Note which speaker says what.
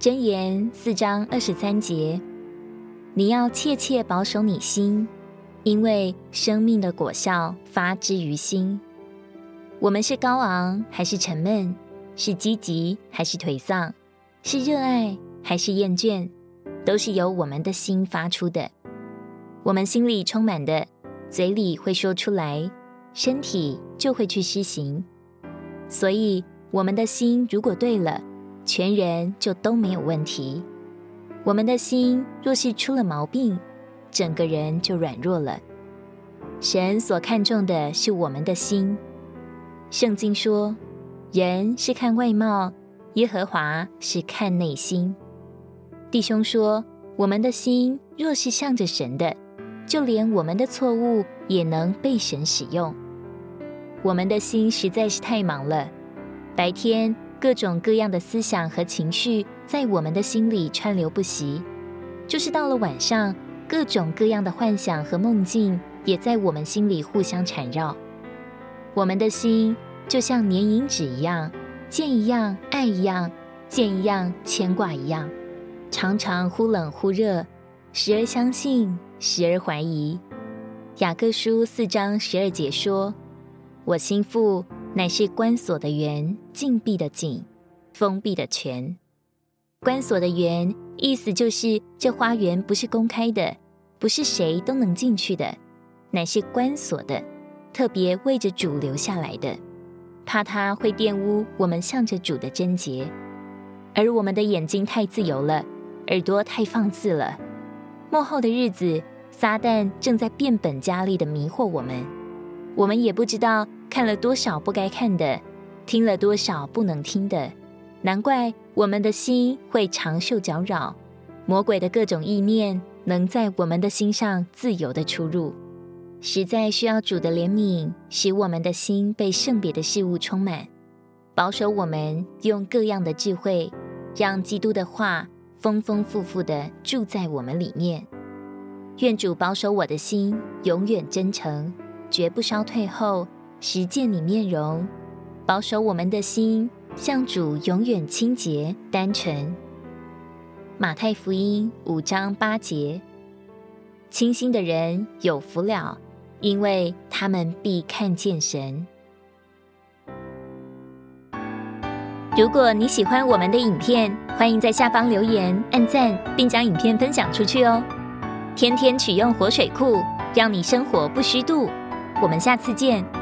Speaker 1: 箴言四章二十三節，你要切切保守你心，因為生命的果效發之於心。我們是高昂還是沉悶，是積極還是頹喪，是熱愛還是厭倦，都是由我們的心發出的。我們心裡充滿的，嘴裡會說出來，身體就會去施行。所以，我們的心如果對了，全人就都沒有問題。我們的心若是出了毛病，整個人就軟弱了。神所看重的是我們的心。聖經說，人是看外貌，耶和華是看內心。弟兄說，我們的心若是向着神的，就連我們的錯誤也能被神使用。我們的心實在是太忙了，白天，各種各樣的思想和情緒在我們的心裡川流不息，就是到了晚上，各種各樣的幻想和夢境也在我們心裡互相纏繞。我們的心就像黏蠅紙一樣，見一樣愛一樣，見一樣牽掛一樣，常常忽冷忽熱，時而相信，時而懷疑。雅各書四章十二節說：“我心腹。”乃是關鎖的園，禁閉的井，封閉的泉。關鎖的園，意思就是這花園不是公開的，不是誰都能進去的，乃是關鎖的，特別為着主留下來的，怕他會玷污我們向着主的貞潔。而我們的眼睛太自由了，耳朵太放肆了。末後的日子，撒旦正在變本加厲地迷惑我們。我們也不知道看了多少不該看的，聽了多少不能聽的，難怪我們的心會常受攪擾。魔鬼的各種意念能在我們的心上自由的出入，實在需要主的憐憫，使我們的心被聖別的事物充滿，保守我們用各樣的智慧，讓基督的話豐豐富富的住在我們裡面。願主保守我的心，永遠真誠。絕不稍退後，實踐你面容，保守我們的心，向主永遠清潔單純。馬太福音五章八節：清心的人有福了，因為他們必看見神。如果你喜歡我們的影片，歡迎在下方留言、按讚，並將影片分享出去哦！天天取用活水庫，讓你生活不虛度。我們下次見。